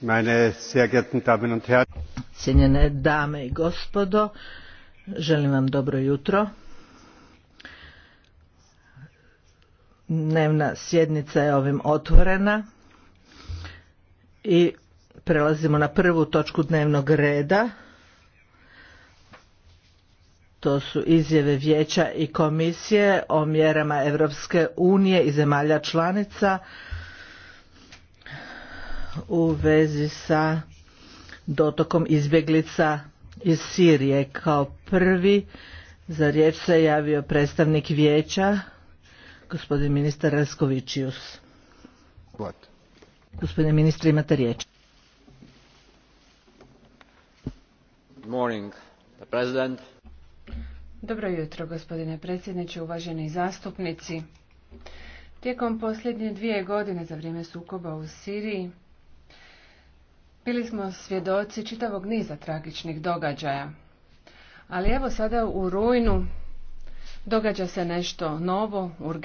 Meine sehr Cijenjene dame i gospodo, želim vam dobro jutro. Dnevna sjednica je ovim otvorena i prelazimo na prvu točku dnevnog reda. To su izjave vijeća i komisije o mjerama Europske unije i zemalja članica u vezi sa dotokom izbjeglica iz Sirije. Kao prvi za riječ se javio predstavnik vijeća, gospodin ministar Raskovićius. Gospodine ministre, imate riječ. Dobro jutro, gospodine predsjedniče, uvaženi zastupnici. Tijekom posljednje dvije godine za vrijeme sukoba u Siriji, bili smo svjedoci čitavog niza tragičnih događaja. Ali evo sada u rujnu događa se nešto novo, urgentno.